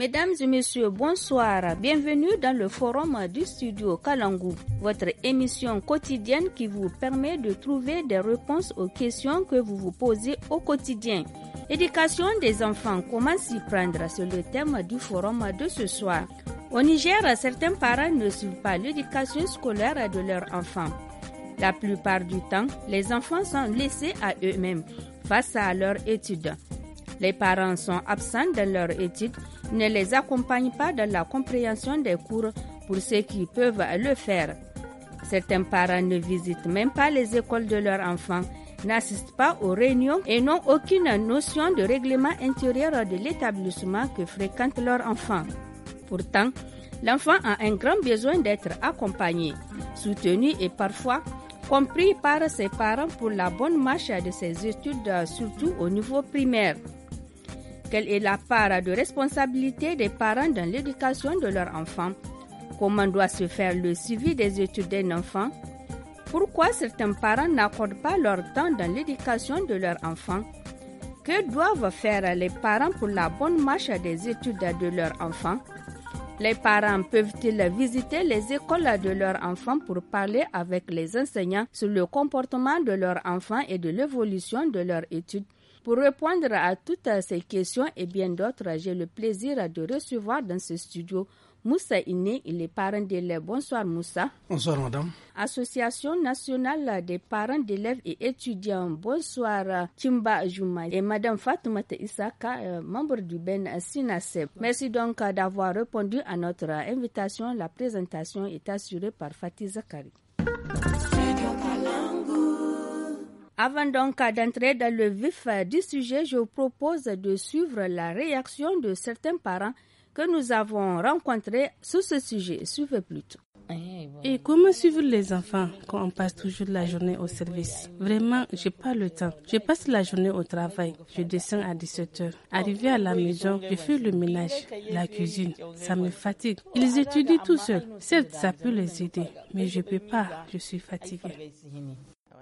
Mesdames et messieurs, bonsoir. Bienvenue dans le forum du studio Kalangou, votre émission quotidienne qui vous permet de trouver des réponses aux questions que vous vous posez au quotidien. Éducation des enfants, comment s'y prendre C'est le thème du forum de ce soir. Au Niger, certains parents ne suivent pas l'éducation scolaire de leurs enfants. La plupart du temps, les enfants sont laissés à eux-mêmes face à leurs études. Les parents sont absents de leurs études ne les accompagne pas dans la compréhension des cours pour ceux qui peuvent le faire. Certains parents ne visitent même pas les écoles de leurs enfants, n'assistent pas aux réunions et n'ont aucune notion de règlement intérieur de l'établissement que fréquente leur enfant. Pourtant, l'enfant a un grand besoin d'être accompagné, soutenu et parfois compris par ses parents pour la bonne marche de ses études, surtout au niveau primaire. Quelle est la part de responsabilité des parents dans l'éducation de leurs enfants Comment doit se faire le suivi des études d'un enfant Pourquoi certains parents n'accordent pas leur temps dans l'éducation de leurs enfants Que doivent faire les parents pour la bonne marche des études de leurs enfants les parents peuvent-ils visiter les écoles de leurs enfants pour parler avec les enseignants sur le comportement de leurs enfants et de l'évolution de leurs études pour répondre à toutes ces questions et bien d'autres, j'ai le plaisir de recevoir dans ce studio Moussa Iné, il est parents d'élèves. Bonsoir Moussa. Bonsoir madame. Association nationale des parents d'élèves et étudiants. Bonsoir Chimba Juma et madame Fatoumata Isaka, euh, membre du Ben SINASEP. Merci donc d'avoir répondu à notre invitation. La présentation est assurée par Fatih Zakari. Avant donc d'entrer dans le vif du sujet, je vous propose de suivre la réaction de certains parents que nous avons rencontrés sur ce sujet. Suivez plutôt. Et comment suivre les enfants quand on passe toujours la journée au service Vraiment, j'ai pas le temps. Je passe la journée au travail. Je descends à 17h. Arrivé à la maison, je fais le ménage, la cuisine. Ça me fatigue. Ils étudient tout seuls. Certes, ça peut les aider, mais je peux pas. Je suis fatiguée.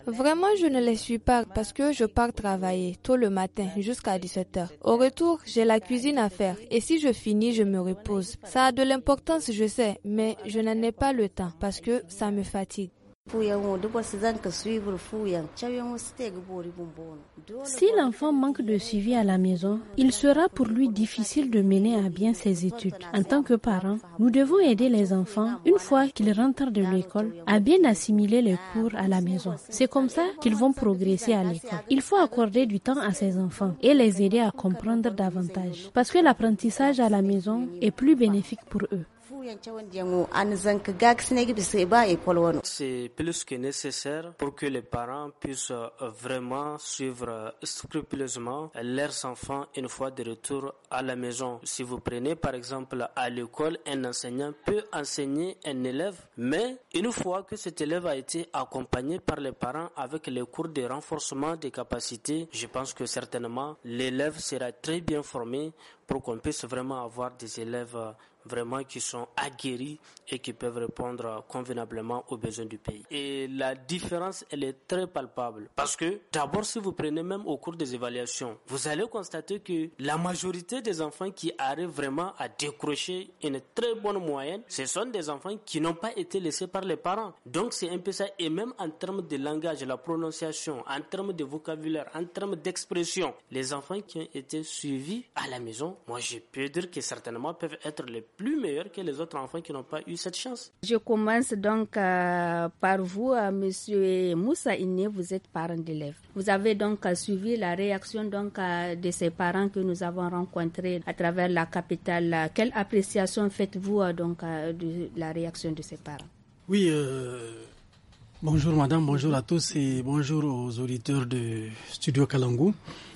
Vraiment, je ne les suis pas parce que je pars travailler tôt le matin jusqu'à 17h. Au retour, j'ai la cuisine à faire et si je finis, je me repose. Ça a de l'importance, je sais, mais je n'en ai pas le temps parce que ça me fatigue. Si l'enfant manque de suivi à la maison, il sera pour lui difficile de mener à bien ses études. En tant que parents, nous devons aider les enfants, une fois qu'ils rentrent de l'école, à bien assimiler les cours à la maison. C'est comme ça qu'ils vont progresser à l'école. Il faut accorder du temps à ces enfants et les aider à comprendre davantage, parce que l'apprentissage à la maison est plus bénéfique pour eux. C'est plus que nécessaire pour que les parents puissent euh, vraiment suivre scrupuleusement leurs enfants une fois de retour à la maison. Si vous prenez par exemple à l'école, un enseignant peut enseigner un élève, mais une fois que cet élève a été accompagné par les parents avec les cours de renforcement des capacités, je pense que certainement l'élève sera très bien formé pour qu'on puisse vraiment avoir des élèves euh, vraiment qui sont aguerris et qui peuvent répondre convenablement aux besoins du pays. Et la différence, elle est très palpable parce que d'abord, si vous prenez même au cours des évaluations, vous allez constater que la majorité des enfants qui arrivent vraiment à décrocher une très bonne moyenne, ce sont des enfants qui n'ont pas été laissés par les parents. Donc c'est un peu ça. Et même en termes de langage, la prononciation, en termes de vocabulaire, en termes d'expression, les enfants qui ont été suivis à la maison, moi je peux dire que certainement peuvent être les plus meilleur que les autres enfants qui n'ont pas eu cette chance. Je commence donc euh, par vous, euh, Monsieur Moussa Iné, vous êtes parent d'élève. Vous avez donc euh, suivi la réaction donc de ces parents que nous avons rencontrés à travers la capitale. Quelle appréciation faites-vous donc de la réaction de ces parents Oui. Bonjour madame, bonjour à tous et bonjour aux auditeurs de Studio Kalangu.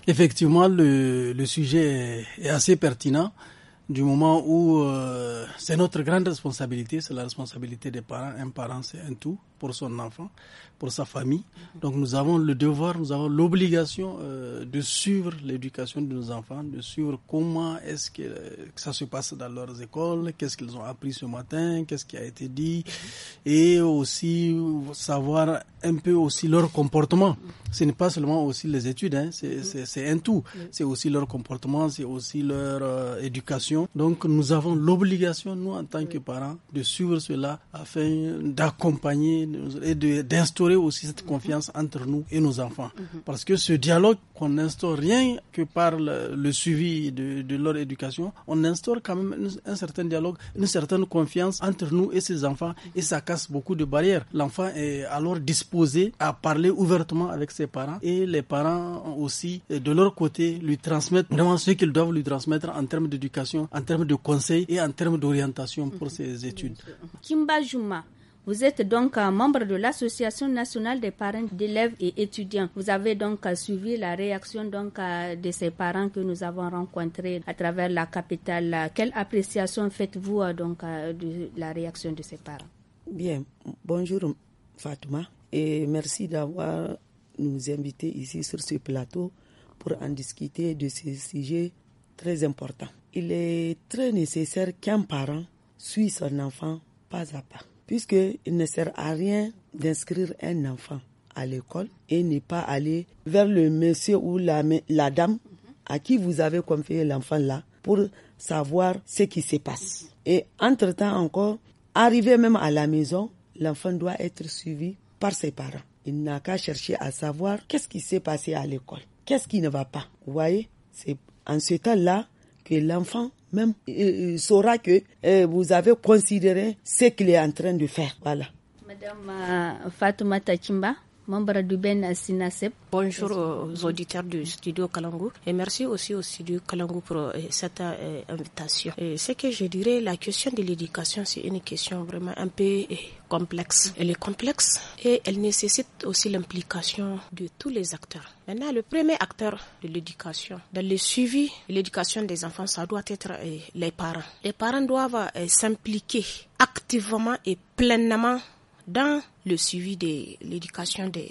Effectivement, le, le sujet est assez pertinent du moment où euh, c'est notre grande responsabilité, c'est la responsabilité des parents. Un parent, c'est un tout pour son enfant, pour sa famille. Donc nous avons le devoir, nous avons l'obligation euh, de suivre l'éducation de nos enfants, de suivre comment est-ce euh, que, ça se passe dans leurs écoles, qu'est-ce qu'ils ont appris ce matin, qu'est-ce qui a été dit, et aussi savoir un peu aussi leur comportement. Ce n'est pas seulement aussi les études, hein, c'est un tout. C'est aussi leur comportement, c'est aussi leur euh, éducation. Donc nous avons l'obligation, nous en tant que parents, de suivre cela afin d'accompagner et d'instaurer aussi cette confiance entre nous et nos enfants. Mhm. Parce que ce dialogue qu'on instaure, rien que par le, suivi de, leur éducation, on instaure quand même un certain dialogue, une certaine confiance entre nous et ses enfants et ça casse beaucoup de barrières. L'enfant est alors disposé à parler ouvertement avec ses parents et les parents aussi, euh, de leur côté, lui transmettent vraiment ce qu'ils doivent lui transmettre en termes d'éducation, en termes de conseils et en termes d'orientation pour mhm. ses études. Kimba Juma, vous êtes donc membre de l'Association nationale des parents d'élèves et étudiants. Vous avez donc suivi la réaction donc euh, de ces parents que nous avons rencontrés à travers la capitale. Quelle appréciation faites-vous euh, donc euh, de la réaction de ces parents Bien, bonjour Fatouma et merci d'avoir nous invité ici sur ce plateau pour en discuter de ce sujet très important. Il est très nécessaire qu'un parent suive son enfant pas à pas puisqu'il ne sert à rien d'inscrire un enfant à l'école et ne pas aller vers le monsieur ou la, dame à qui vous avez confié l'enfant là pour savoir ce qui se passe. Et entre-temps encore, arrivé même à la maison, l'enfant doit être suivi par ses parents. Il n'a qu'à chercher à savoir qu'est-ce qui s'est passé à l'école, qu'est-ce qui ne va pas. Vous voyez, c'est en ce temps-là que l'enfant même il saura que euh, vous avez considéré ce qu'il est en train de faire. Voilà. Madame euh, Fatoumata Tachimba Bonjour aux auditeurs du studio Kalangu et merci aussi au studio Kalangu pour euh, cette euh, invitation. Et ce que je dirais, la question de l'éducation, c'est une question vraiment un peu euh, complexe. Elle est complexe et elle nécessite aussi l'implication de tous les acteurs. Maintenant, le premier acteur de l'éducation, dans le suivi de l'éducation des enfants, ça doit être les parents. Les parents doivent s'impliquer activement et pleinement dans le suivi de l'éducation des,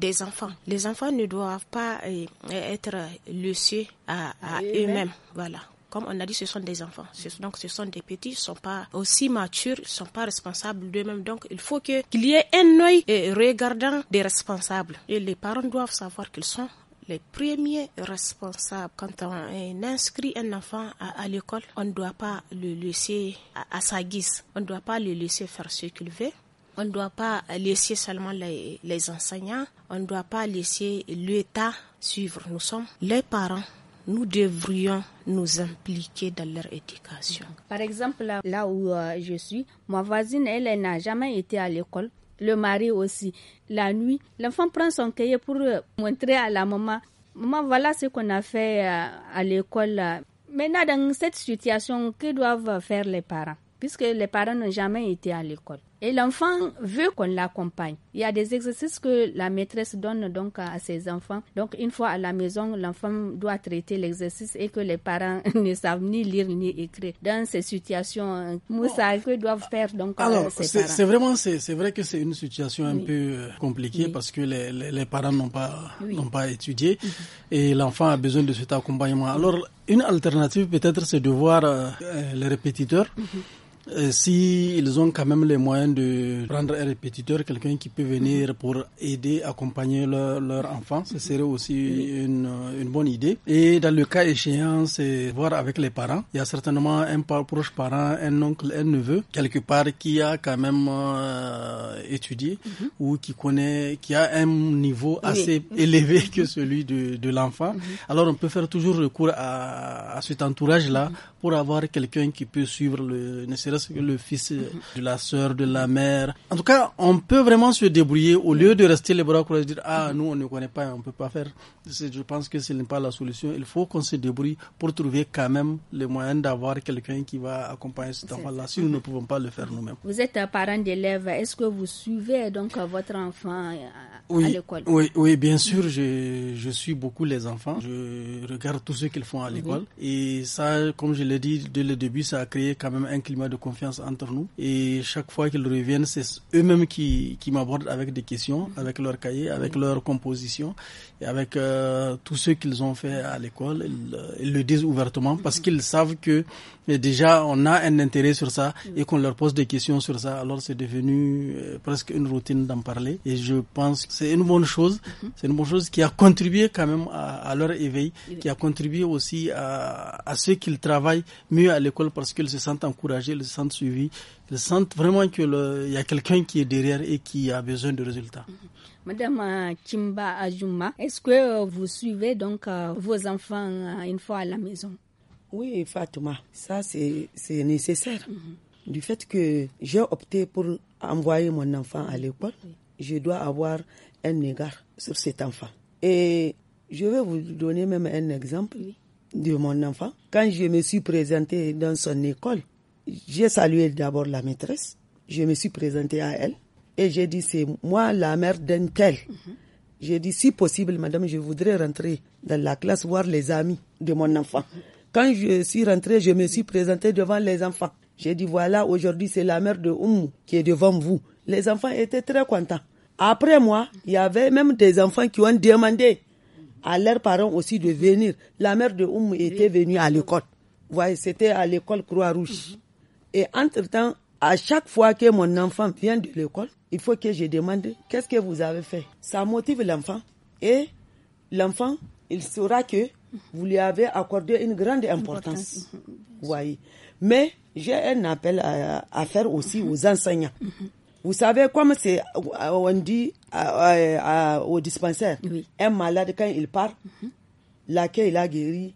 des euh, enfants. Les enfants ne doivent pas euh, être laissés à, eux-mêmes. Voilà comme on a dit, ce sont des enfants. Donc, ce sont des petits, ils ne sont pas aussi matures, ils ne sont pas responsables d'eux-mêmes. Donc, il faut qu'il y ait un œil euh, regardant des responsables. Et les parents doivent savoir qu'ils sont les premiers responsables. Quand on inscrit un enfant à, l'école, on ne doit pas le laisser à sa guise. On ne doit pas le laisser faire ce qu'il veut. On ne doit pas laisser seulement les, enseignants, on ne doit pas laisser l'État suivre. Nous sommes les parents nous devrions nous impliquer dans leur éducation. Par exemple, là, où euh, je suis, ma voisine, elle, n'a jamais été à l'école. Le mari aussi. La nuit, l'enfant prend son cahier pour euh, montrer à la maman, maman, voilà ce qu'on a fait euh, à l'école. Maintenant, dans cette situation, que doivent faire les parents Puisque les parents n'ont jamais été à l'école. Et l'enfant veut qu'on l'accompagne. Il y a des exercices que la maîtresse donne donc à, ses enfants. Donc une fois à la maison, l'enfant doit traiter l'exercice et que les parents ne savent ni lire ni écrire. Dans ces situations, hein, Moussa, que doivent faire donc euh, Alors, c'est vraiment, c'est vrai que c'est une situation un peu euh, compliquée parce que les, les, parents n'ont pas, n'ont pas étudié mhm. et l'enfant a besoin de cet accompagnement. Alors, une alternative peut-être, c'est de voir euh, les répétiteurs mhm. Euh, s'ils si ils ont quand même les moyens de prendre un répétiteur, quelqu'un qui peut venir pour aider, accompagner leur, leur enfant, ce serait aussi une, une, bonne idée. Et dans le cas échéant, c'est voir avec les parents. Il y a certainement un proche parent, un oncle, un neveu, quelque part qui a quand même euh, étudié mhm. ou qui connaît, qui a un niveau assez mhm. élevé que celui de, de l'enfant. Mhm. Alors on peut faire toujours recours à, à cet entourage-là pour avoir quelqu'un qui peut suivre le, ne que le fils de la soeur, de la mère. En tout cas, on peut vraiment se débrouiller au lieu de rester les bras croisés et dire, ah, nous, on ne connaît pas, on ne peut pas faire. Je pense que ce n'est pas la solution. Il faut qu'on se débrouille pour trouver quand même les moyens d'avoir quelqu'un qui va accompagner cet enfant-là si nous ne pouvons pas le faire nous-mêmes. Vous êtes un parent d'élève. Est-ce que vous suivez donc votre enfant euh, à, l'école? Oui, oui, bien sûr. Je, je suis beaucoup les enfants. Je regarde tout ce qu'ils font à l'école. Et ça, comme je l'ai dit dès le début, ça a créé quand même un climat de confiance entre nous. Et chaque fois qu'ils reviennent, c'est eux-mêmes qui, qui m'abordent avec des questions, mhm. avec leur cahier, avec mhm. leur composition et avec tous euh, tout ce qu'ils ont fait à l'école. Ils, euh, le disent ouvertement parce mhm. qu'ils savent que déjà on a un intérêt sur ça et qu'on leur pose des questions sur ça. Alors c'est devenu euh, presque une routine d'en parler. Et je pense que c'est une bonne chose. C'est une bonne chose qui a contribué quand même à, à leur éveil, qui a contribué aussi à, à ce qu'ils travaillent mieux à l'école parce qu'ils se sentent encouragés, ils se sentent suivis, ils sentent vraiment qu'il y a quelqu'un qui est derrière et qui a besoin de résultats. Mhm. Madame euh, Kimba Ajuma, est-ce que euh, vous suivez donc euh, vos enfants une fois à la maison Oui, Fatouma, ça c'est nécessaire. Mhm. Du fait que j'ai opté pour envoyer mon enfant à l'école, je dois avoir un égard sur cet enfant. Et je vais vous donner même un exemple. Oui de mon enfant, quand je me suis présenté dans son école, j'ai salué d'abord la maîtresse, je me suis présenté à elle et j'ai dit c'est moi la mère d'un tel. Mhm. J'ai dit si possible madame, je voudrais rentrer dans la classe voir les amis de mon enfant. Quand je suis rentrée, je me suis présenté devant les enfants. J'ai dit voilà, aujourd'hui c'est la mère de Oumou qui est devant vous. Les enfants étaient très contents. Après moi, il y avait même des enfants qui ont demandé à leurs parents aussi de venir. La mère de Oum était venue à l'école. voyez, c'était à l'école Croix-Rouge. Mhm. Et entre-temps, à chaque fois que mon enfant vient de l'école, il faut que je demande qu'est-ce que vous avez fait. Ça motive l'enfant. Et l'enfant, il saura que mhm. vous lui avez accordé une grande importance. Mhm. voyez. Mais j'ai un appel à faire aussi aux enseignants. Vous savez, comme c'est, euh, on dit euh, euh, au dispensaire, un malade, quand il part, l'accueil a guéri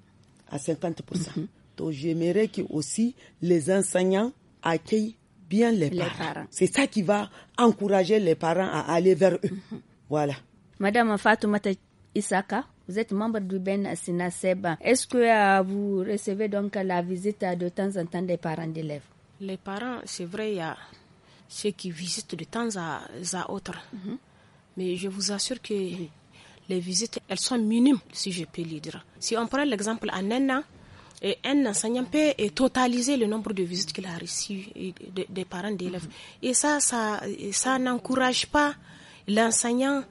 à 50%. Mhm. Donc, j'aimerais que aussi les enseignants accueillent bien les, parents. C'est ça qui va encourager les parents à aller vers eux. Mhm. Voilà. Madame Fatoumata Isaka, vous êtes membre du Ben Sina Seba. Est-ce que vous recevez donc la visite de temps en temps des parents d'élèves Les parents, c'est vrai, il y a ceux qui visitent de temps à, autre. Mhm. Mais je vous assure que les visites, elles sont minimes, si je peux le dire. Si on prend l'exemple à Nena, et un enseignant peut euh, totaliser le nombre de visites qu'il a reçues euh, des parents d'élèves. Mhm. Et ça, ça, ça n'encourage pas l'enseignant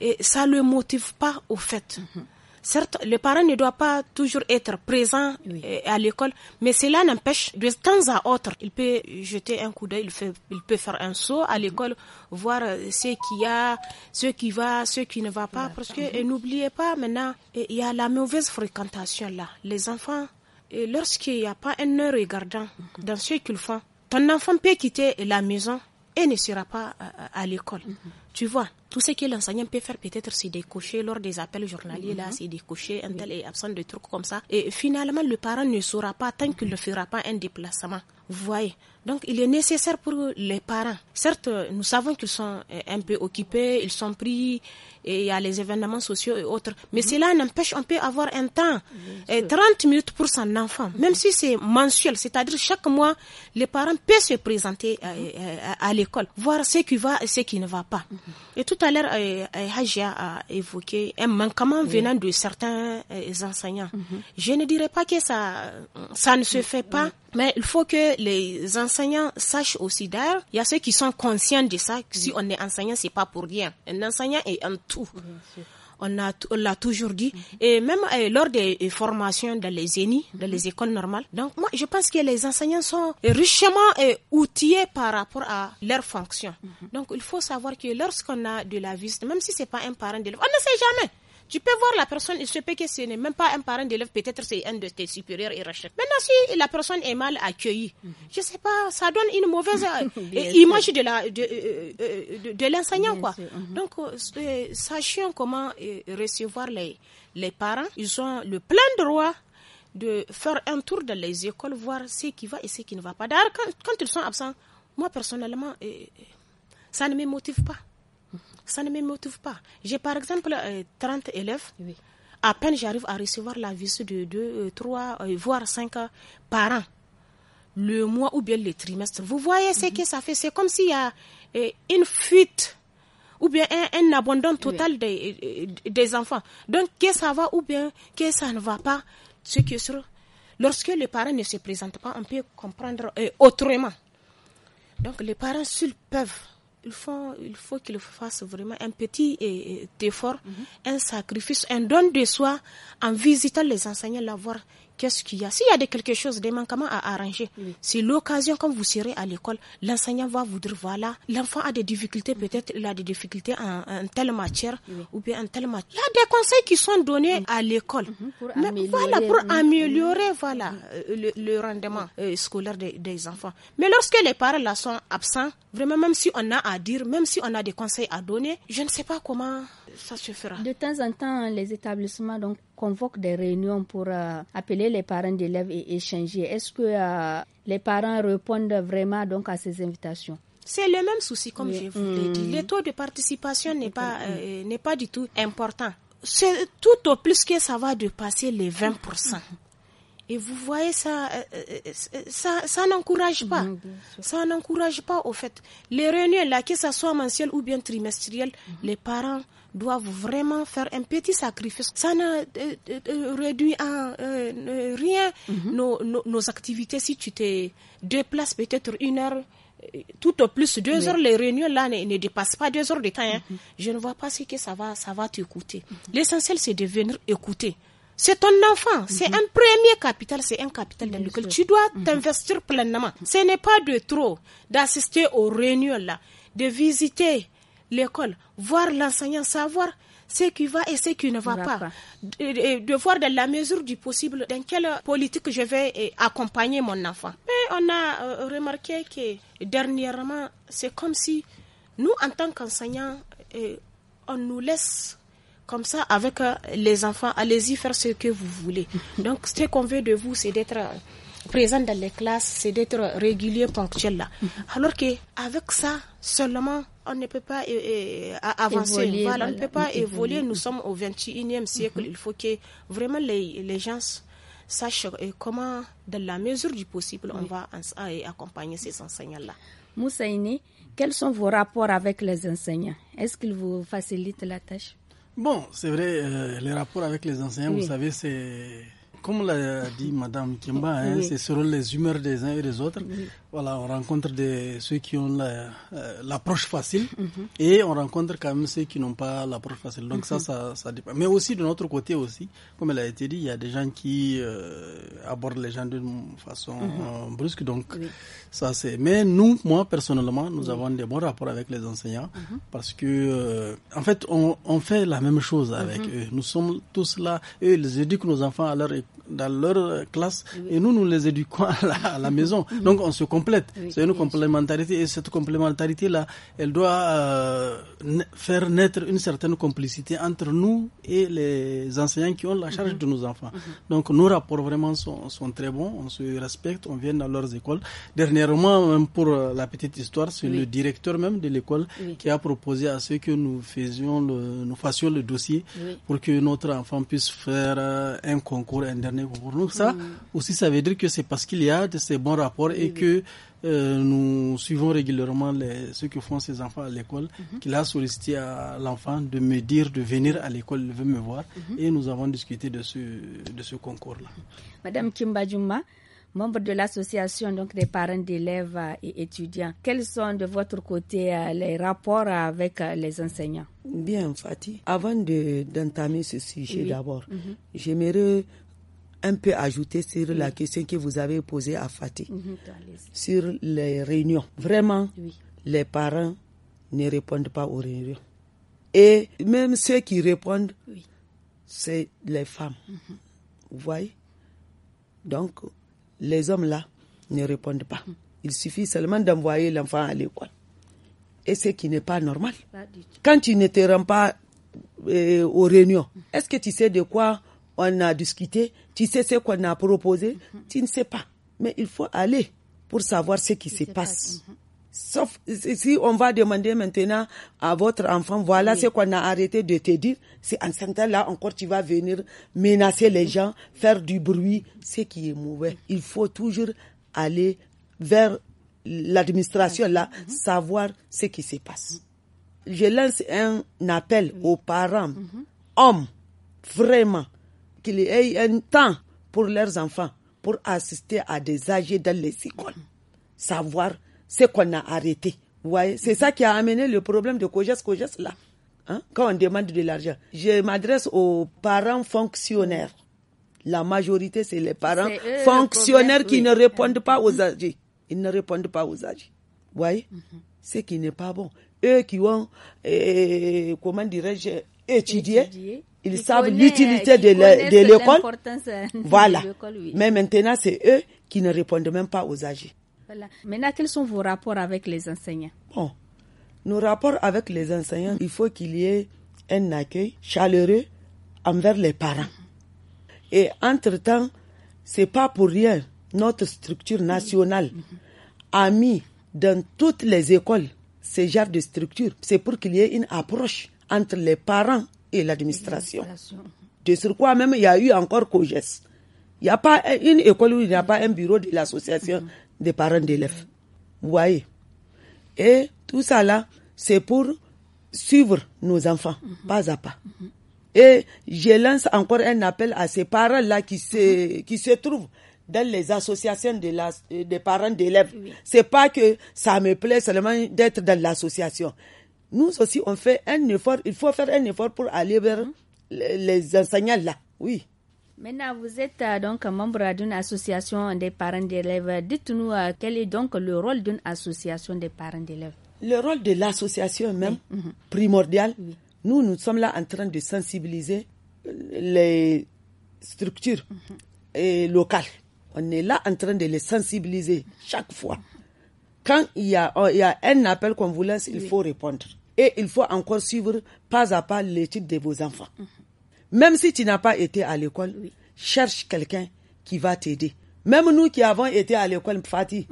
et ça ne le motive pas au fait. Mhm. Certes, le parent ne doit pas toujours être présent euh, à l'école, mais cela n'empêche, de temps à autre, il peut jeter un coup d'œil, il, peut faire un saut à l'école, voir euh, ce qu'il y a, ce qui va, ce qui ne va pas, parce que mhm. euh, n'oubliez pas maintenant, il y a la mauvaise fréquentation là. Les enfants, lorsqu'il n'y a pas un regardant mhm. dans ce qu'ils font, ton enfant peut quitter la maison et ne sera pas euh, euh, à, l'école. Mhm. Tu vois, tout ce que l'enseignant peut faire peut-être c'est décocher lors des appels journaliers, là, c'est mhm. décocher, un est absent de trucs comme ça. Et finalement, le parent ne saura pas tant qu'il ne fera pas un déplacement. Vous voyez donc, il est nécessaire pour les parents. Certes, nous savons qu'ils sont euh, un peu occupés, ils sont pris, et il y a les événements sociaux et autres. Mais mhm. cela n'empêche, on peut avoir un temps, et euh, 30 minutes pour son enfant, même si c'est mensuel, c'est-à-dire chaque mois, les parents peuvent se présenter euh, mhm. à, l'école, voir ce qui va et ce qui ne va pas. Mhm. Et tout à l'heure, Hajia a évoqué un manquement venant de certains enseignants. Je ne dirais pas que ça, ça ne se fait pas, mais il faut que les enseignants enseignants sachent aussi d'ailleurs, il y a ceux qui sont conscients de ça, que si on est enseignant, c'est pas pour rien. Un enseignant est un tout. On l'a toujours dit. Mhm. Et même euh, lors des euh, formations dans les énies, dans les mhm. écoles normales. Donc, moi, je pense que les enseignants sont richement euh, outillés par rapport à leur fonction. Mhm. Donc, il faut savoir que lorsqu'on a de la visite, même si c'est pas un parent d'élève, on ne sait jamais. Tu peux voir la personne, il se peut que ce n'est même pas un parent d'élève, peut-être c'est un de tes supérieurs et recherche. Maintenant, si la personne est mal accueillie, mhm. je ne sais pas, ça donne une mauvaise euh, image de la de, euh, euh, l'enseignant quoi. Mhm. Donc sachant comment recevoir les les parents, ils ont le plein droit de faire un tour dans les écoles, voir ce qui va et ce qui ne va pas. D'ailleurs, quand, ils sont absents, moi personnellement, ça ne me motive pas ça ne me motive pas. J'ai par exemple 30 euh, élèves. À peine j'arrive à recevoir la visite de 2, 3, euh, euh, voire 5 parents Le mois ou bien le trimestre. Vous voyez ce mhm. que ça fait. C'est comme s'il y a une fuite ou bien un, abandon total des, enfants. Donc, que ça va ou bien que ça ne va pas, ce que lorsque les parents ne se présentent pas, on peut comprendre autrement. Donc, les parents seuls peuvent il faut, il faut qu'il fasse vraiment un petit euh, euh, effort, mhm. un sacrifice, un don de soi en visitant les enseignants, l'avoir qu'est-ce qu'il y a S'il y a quelque chose, des manquements à arranger, c'est l'occasion quand vous serez à l'école, l'enseignant va vous dire voilà, l'enfant a des difficultés, peut-être il a des difficultés en, telle matière ou bien en telle matière. Il y a des conseils qui sont donnés à l'école. Mhm, voilà, pour améliorer voilà, euh, le, rendement euh, scolaire des, des, enfants. Mais lorsque les parents là sont absents, vraiment, même si on a à dire, même si on a des conseils à donner, je ne sais pas comment ça se fera. De temps en temps, les établissements donc, convoquent des réunions pour euh, appeler les parents d'élèves et échanger. Est-ce que euh, les parents répondent vraiment donc, à ces invitations c'est le même souci, comme je vous l'ai dit. Mm. Le taux de participation n'est pas, mm. euh, n'est pas du tout important. C'est tout au plus que ça va dépasser les 20%. Mm. Et vous voyez, ça, ça, n'encourage pas. Ça n'encourage pas, au fait. Les réunions, là, que ce soit mensuelles ou bien trimestrielles, mm-hmm. les parents doivent vraiment faire un petit sacrifice. Ça ne euh, euh, euh, réduit en rien mhm. nos, nos, activités. Si tu te déplaces peut-être une heure, tout au plus deux heures, les réunions là ne, ne, dépassent pas deux heures de temps. Hein. Mhm. Je ne vois pas ce que ça va, ça va t'écouter. L'essentiel, c'est de venir écouter. C'est ton enfant, c'est mhm. un premier capital, c'est un capital dans lequel tu dois t'investir pleinement. Ce n'est pas de trop d'assister aux réunions là, de visiter l'école, voir l'enseignant, savoir ce qui va et ce qui ne va, pas. De, voir dans la mesure du possible dans quelle politique je vais eh, accompagner mon enfant. Mais on a euh, remarqué que dernièrement, c'est comme si nous, en tant qu'enseignants, eh, on nous laisse comme ça avec euh, les enfants. Allez-y faire ce que vous voulez. Donc, ce qu'on veut de vous, c'est d'être euh, présent dans les classes, c'est d'être régulier, ponctuel là. Alors que avec ça seulement, on ne peut pas euh, euh, avancer, on ne peut pas évoluer. Nous sommes au 21e siècle, il faut que vraiment les, gens sachent euh, comment, dans la mesure du possible, on va accompagner ces enseignants-là. Moussaïni, quels sont vos rapports avec les enseignants Est-ce qu'ils vous facilitent la tâche Bon, c'est vrai, les rapports avec les enseignants, vous savez, c'est comme l'a dit Madame Kimba, hein, c'est selon les humeurs des uns et des autres voilà, on rencontre des, ceux qui ont euh, l'approche facile mhm. et on rencontre quand même ceux qui n'ont pas l'approche facile. Donc mhm. ça, ça, dépend. Mais aussi de notre côté aussi, comme elle a été dit, il y a des gens qui euh, abordent les gens d'une façon mhm. brusque. Donc ça c'est. Mais nous, moi personnellement, nous avons des bons rapports avec les enseignants parce que euh, en fait, on, fait la même chose avec eux. Nous sommes tous là. Eux, ils éduquent nos enfants à leur, dans leur classe et nous, nous les éduquons à la, maison. Donc on se complète. c'est une complémentarité et cette complémentarité-là, elle doit euh, faire naître une certaine complicité entre nous et les enseignants qui ont la charge mm-hmm. de nos enfants. Mm-hmm. Donc nos rapports vraiment sont, sont, très bons, on se respecte, on vient dans leurs écoles. Dernièrement, même pour euh, la petite histoire, c'est le directeur même de l'école qui a proposé à ceux que nous faisions le, nous fassions le dossier pour que notre enfant puisse faire euh, un concours, un dernier concours. Donc ça mm. aussi, ça veut dire que c'est parce qu'il y a de ces bons rapports et que euh, nous suivons régulièrement les, ce que font ces enfants à l'école, mhm. Il a sollicité à l'enfant de me dire de venir à l'école, veut me voir, mhm. et nous avons discuté de ce, concours-là. Madame Kimba membre de l'association donc des parents d'élèves et étudiants, quels sont de votre côté euh, les rapports avec euh, les enseignants Bien, Fatih. Avant d'entamer ce sujet d'abord, mhm. j'aimerais un peu ajouter sur la question que vous avez posée à Fatih, mhm, sur les réunions. Vraiment, les parents ne répondent pas aux réunions. Et même ceux qui répondent, c'est les femmes. Mhm. Vous voyez Donc, les hommes-là ne répondent pas. Mhm. Il suffit seulement d'envoyer l'enfant à l'école. Et ce qui n'est pas normal. Quand tu ne te rends pas euh, aux réunions, est-ce que tu sais de quoi on a discuté, tu sais ce qu'on a proposé, mm-hmm. tu ne sais pas. Mais il faut aller pour savoir ce qui se passe. Mm-hmm. Sauf si on va demander maintenant à votre enfant, voilà ce qu'on a arrêté de te dire, c'est en ce temps-là encore tu vas venir menacer les gens, faire du bruit, ce qui est mauvais. Mm-hmm. Il faut toujours aller vers l'administration, là, savoir ce qui se passe. Je lance un appel aux parents, hommes, vraiment, y ait un temps pour leurs enfants, pour assister à des âgés dans les écoles, savoir ce qu'on a arrêté. C'est ça qui a amené le problème de COGES, COGES là. Hein? Quand on demande de l'argent, je m'adresse aux parents fonctionnaires. La majorité, c'est les parents fonctionnaires qui ne répondent pas aux mm-hmm. âgés. Ils ne répondent pas aux âgés. Ouais, mm-hmm. Ce qui n'est pas bon. Eux qui ont, eh, comment dirais-je, étudié, ils savent l'utilité de l'école. Voilà. Oui. Mais maintenant, c'est eux qui ne répondent même pas aux âgés. Voilà. Maintenant, quels sont vos rapports avec les enseignants Bon, nos rapports avec les enseignants, il faut qu'il y ait un accueil chaleureux envers les parents. Et entre-temps, c'est pas pour rien, notre structure nationale a mis dans toutes les écoles ce genre de structure. C'est pour qu'il y ait une approche entre les parents et l'administration. De sur quoi même, il y a eu encore COGES. Il n'y a pas une école où il n'y a pas un bureau de l'association des parents d'élèves. Vous voyez Et tout ça là, c'est pour suivre nos enfants, pas à pas. Et je lance encore un appel à ces parents-là qui se, qui se trouvent dans les associations de des parents d'élèves. C'est pas que ça me plaît seulement d'être dans l'association nous aussi, on fait un effort. Il faut faire un effort pour aller vers hein? les enseignants là. Oui. Maintenant, vous êtes euh, donc membre d'une association des parents d'élèves. Dites-nous euh, quel est donc le rôle d'une association des parents d'élèves. Le rôle de l'association même, mhm. primordial, nous, nous sommes là en train de sensibiliser euh, les structures mhm. locales. On est là en train de les sensibiliser chaque fois. Mhm. Quand il y a, un appel qu'on vous laisse il faut répondre. Et il faut encore suivre pas à pas l'étude de vos enfants. Même si tu n'as pas été à l'école, cherche quelqu'un qui va t'aider. Même nous qui avons été à l'école, Fatih,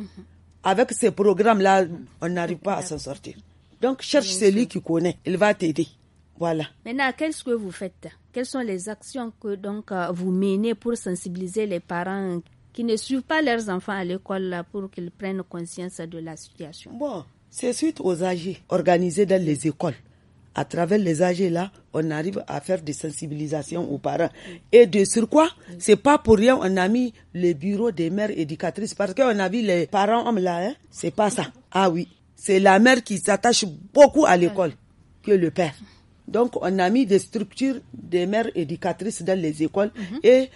avec ces programmes-là, on n'arrive pas à s'en sortir. Donc, cherche celui qui connaît. Il va t'aider. Voilà. Maintenant, qu'est-ce que vous faites Quelles sont les actions que donc euh, vous menez pour sensibiliser les parents qui ne suivent pas leurs enfants à l'école pour qu'ils prennent conscience de la situation Bon, c'est suite aux AG organisés dans les écoles. À travers les AG là, on arrive à faire des sensibilisations aux parents. Et de sur quoi C'est pas pour rien on a mis le bureau des mères éducatrices parce qu'on a vu les parents hommes là. Hein? C'est pas ça. Ah oui, c'est la mère qui s'attache beaucoup à l'école que le père. Donc, on a mis des structures des mères éducatrices dans les écoles mhm. et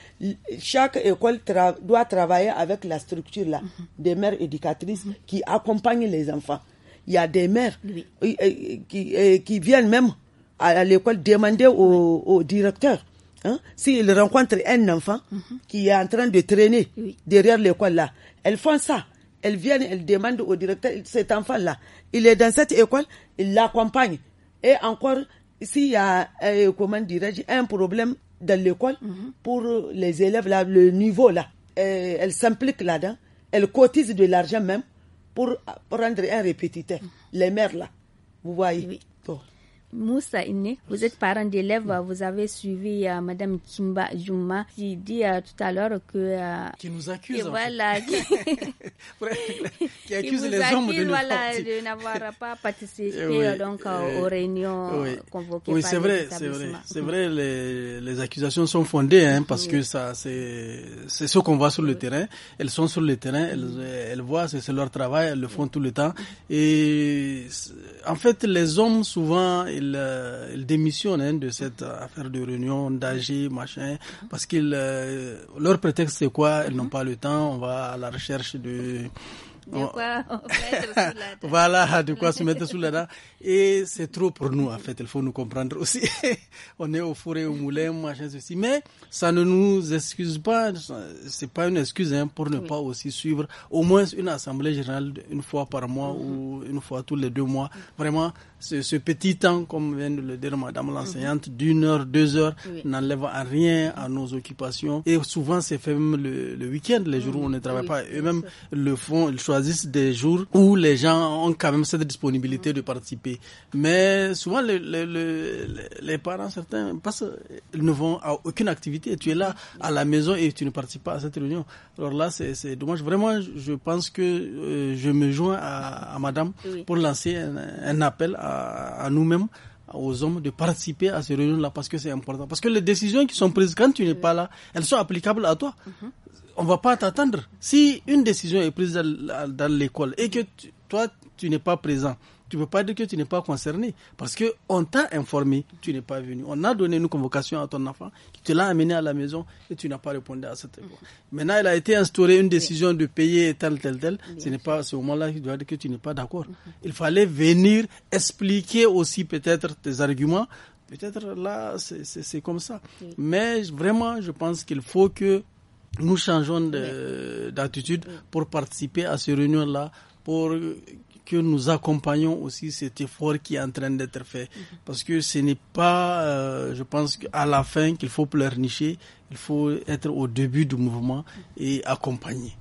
chaque école doit travailler avec la structure là, mhm. des mères éducatrices mhm. qui accompagnent les enfants il y a des mères qui, qui, viennent même à l'école demander au, directeur Hein? S'ils rencontrent un enfant mhm. qui est en train de traîner derrière l'école là, elles font ça. Elles viennent, elles demandent au directeur, cet enfant là, il est dans cette école, il l'accompagne. Et encore, s'il y a, euh, comment dirais un problème dans l'école, mhm. pour les élèves là, le niveau là, euh, elles s'impliquent là-dedans, elles cotisent de l'argent même pour rendre un répétiteur. Les mères là, vous voyez. Oui. Moussa Iné, vous êtes parent d'élèves, vous avez suivi Mme euh, Madame Kimba Juma qui dit euh, tout à l'heure que... Euh, qui nous accuse. qui, accuse les hommes de, n'avoir pas participé donc, aux réunions convoquées. Oui, c'est vrai, c'est vrai. C'est vrai, les, accusations sont fondées hein, parce que ça, c'est ce qu'on voit sur le terrain. Elles sont sur le terrain, elles, elles voient, c'est leur travail, elles le font tout le temps. Et en fait, les hommes souvent ils euh, démissionne hein, de cette euh, affaire de réunion d'agir, machin, parce qu'ils, euh, leur prétexte c'est quoi Ils n'ont mhm. pas le temps, on va à la recherche de quoi voilà, de quoi se mettre sous la dent. Et c'est trop pour nous, en fait. Il faut nous comprendre aussi. on est au forêt, au moulin, machin, ceci. Mais ça ne nous excuse pas. C'est pas une excuse hein, pour ne pas aussi suivre au moins une assemblée générale une fois par mois ou mhm. une fois tous les deux mois. Vraiment, ce, petit temps, comme vient de le dire madame l'enseignante, mhm. d'une heure, deux heures, n'enlève à rien à nos occupations. Et souvent, c'est fait même le, week-end, les jours où on ne travaille pas. Et même le font, ils choisissent des jours où les gens ont quand même cette disponibilité de participer. Mais souvent, les parents, certains, passent, ils ne vont à aucune activité. Tu es là à la maison et tu ne participes pas à cette réunion. Alors là, c'est dommage. Vraiment, je pense que euh, je me joins à, madame pour lancer un, appel à, nous-mêmes aux hommes de participer à ces réunions-là parce que c'est important. Parce que les décisions qui sont prises quand tu n'es pas là, elles sont applicables à toi. Mhm on va pas t'attendre. Si une décision est prise dans l'école et que toi, tu n'es pas présent, tu ne peux pas dire que tu n'es pas concerné parce que on t'a informé, tu n'es pas venu. On a donné une convocation à ton enfant qui te l'a amené à la maison et tu n'as pas répondu à cette voix. Mhm. Maintenant, il a été instauré une décision de payer tel, tel, tel. ce n'est pas à ce moment-là qu'il doit dire que tu n'es pas d'accord. Mhm. Il fallait venir expliquer aussi peut-être tes arguments. Peut-être là, c'est comme ça. Mais vraiment, je pense qu'il faut que nous changeons d'attitude pour participer à ces réunions-là, pour que nous accompagnions aussi cet effort qui est en train d'être fait. Mhm. Parce que ce n'est pas, euh, je pense, à la fin qu'il faut pleurnicher, il faut être au début du mouvement mhm. et accompagner.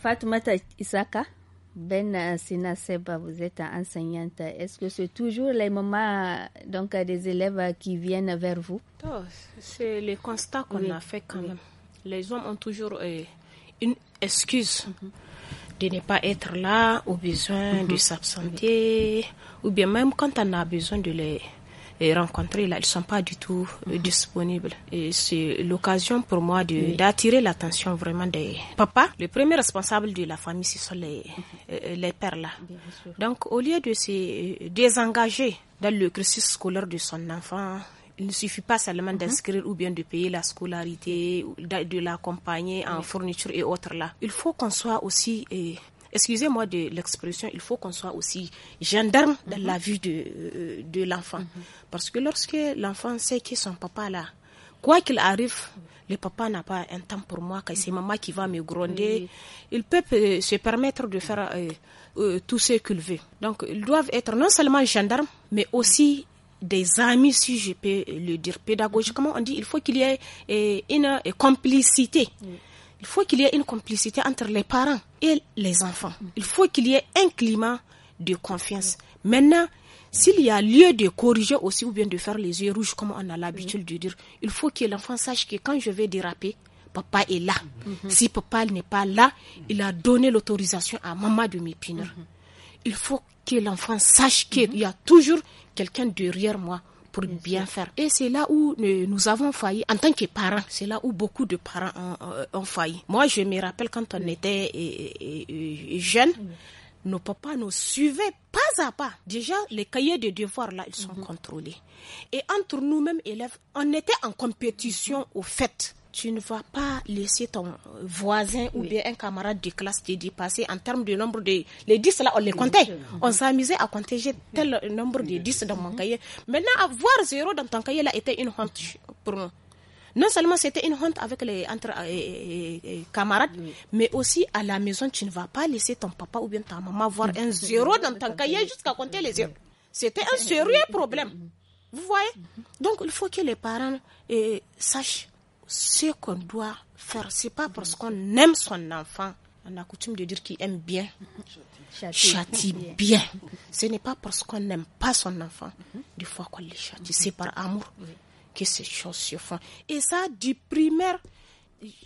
Fatoumata Isaka, Ben Sina Seba, vous êtes enseignante. Est-ce que c'est toujours les moments donc, des élèves qui viennent vers vous oh, C'est le constat qu'on a fait quand même les hommes ont toujours euh, une excuse de ne pas être là, au besoin de mhm. s'absenter, ou bien même quand on a besoin de les rencontrer là, ils sont pas du tout euh, mhm. disponibles. Et c'est l'occasion pour moi d'attirer l'attention vraiment des papas. Le premier responsable de la famille, ce sont les mhm. euh, pères là. Donc au lieu de se désengager dans le cursus scolaire de son enfant, il ne suffit pas seulement mhm. d'inscrire ou bien de payer la scolarité, de l'accompagner en fourniture et autres là. Il faut qu'on soit aussi excusez-moi de l'expression, il faut qu'on soit aussi gendarme dans mhm. la vie de, euh, de l'enfant. Mhm. Parce que lorsque l'enfant sait que son papa là, quoi qu'il arrive, le papa n'a pas un temps pour moi, c'est maman qui va me gronder. Il peut euh, se permettre de faire euh, tout ce qu'il veut. Donc, ils doivent être non seulement gendarmes, mais aussi des amis, si je peux le dire pédagogiquement, on dit il faut qu'il y ait eh, une eh, complicité. Mm. Il faut qu'il y ait une complicité entre les parents et les enfants. Mm. Il faut qu'il y ait un climat de confiance. Maintenant, s'il y a lieu de corriger aussi ou bien de faire les yeux rouges comme on a l'habitude mm. de dire, il faut que l'enfant sache que quand je vais déraper, papa est là. Mm-hmm. Si papa n'est pas là, il a donné l'autorisation à maman de m'épiner. Mm-hmm. Il faut que l'enfant sache qu'il mm-hmm. y a toujours quelqu'un derrière moi pour bien faire. Et c'est là où nous avons failli en tant que parents. C'est là où beaucoup de parents ont, failli. Moi, je me rappelle quand on était euh, euh, euh, jeunes, nos papas nous suivaient pas à pas. Déjà, les cahiers de devoirs, là, ils sont mhm. contrôlés. Et entre nous-mêmes, élèves, on était en compétition au fait tu ne vas pas laisser ton voisin ou bien un camarade de classe te dépasser en termes de nombre de. Les 10 là, on les comptait. On s'amusait à compter. J'ai tel nombre de 10 dans mon mhm. cahier. Maintenant, avoir zéro dans ton cahier là était une honte pour moi. non seulement c'était une honte avec les euh, euh, euh, camarades, mais aussi à la maison, tu ne vas pas laisser ton papa ou bien ta maman voir un zéro dans ton cahier jusqu'à compter les zéros. C'était un sérieux problème. Vous voyez mhm. Donc il faut que les parents sachent ce qu'on doit faire, c'est pas parce qu'on aime son enfant. On a coutume de dire qu'il aime bien, châtie, bien. Ce n'est pas parce qu'on n'aime pas son enfant, des fois qu'on le châtie. C'est par amour que ces choses se font. Et ça, du primaire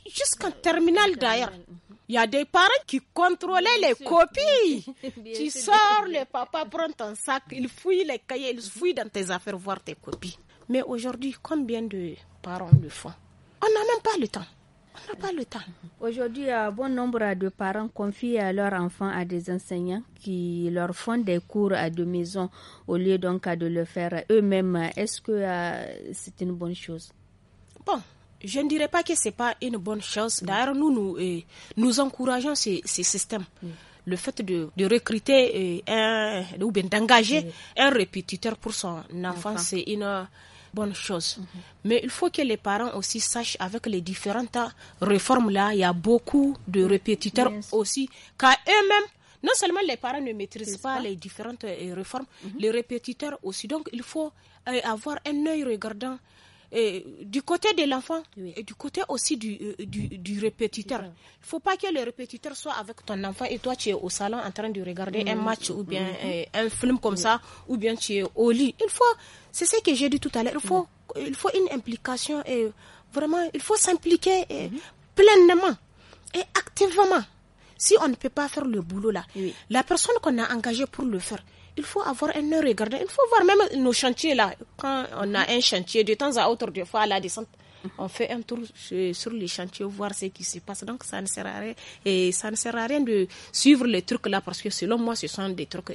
jusqu'en terminale d'ailleurs. Mhm. Il y a des parents qui contrôlaient les copies. tu sors, le papa prend ton sac, il fouille les cahiers, il fouille dans tes affaires, voir tes copies. Mais aujourd'hui, combien de parents le font on n'a même pas le temps. On n'a pas le temps. Aujourd'hui, bon nombre de parents confient à leurs enfants à des enseignants qui leur font des cours à deux maisons au lieu donc de le faire eux-mêmes. Est-ce que euh, c'est une bonne chose Bon, je ne dirais pas que ce n'est pas une bonne chose. D'ailleurs, nous, nous, euh, nous encourageons ces, systèmes. Le fait de, recruter euh, ou bien d'engager un répétiteur pour son enfant. c'est une bonne chose. Mais il faut que les parents aussi sachent avec les différentes réformes là, il y a beaucoup de répétiteurs aussi, car eux-mêmes non seulement les parents ne maîtrisent pas, les différentes euh, réformes, mhm. les répétiteurs aussi. Donc, il faut euh, avoir un œil regardant euh, du côté de l'enfant et du côté aussi du, du, répétiteur. Il ne faut pas que le répétiteur soit avec ton enfant et toi, tu es au salon en train de regarder un mhm. match ou bien mhm. un film comme ça, ou bien tu es au lit. Il faut c'est ce que j'ai dit tout à l'heure. Il faut, il faut une implication et vraiment, il faut s'impliquer pleinement et activement. Si on ne peut pas faire le boulot là, la personne qu'on a engagée pour le faire, il faut avoir un œil Il faut voir même nos chantiers là. Quand on a un chantier, de temps à autre, des fois à la descente, on fait un tour sur les chantiers, voir ce qui se passe. Donc, ça ne sert à rien. Et ça ne sert à rien de suivre les trucs là, parce que selon moi, ce sont des trucs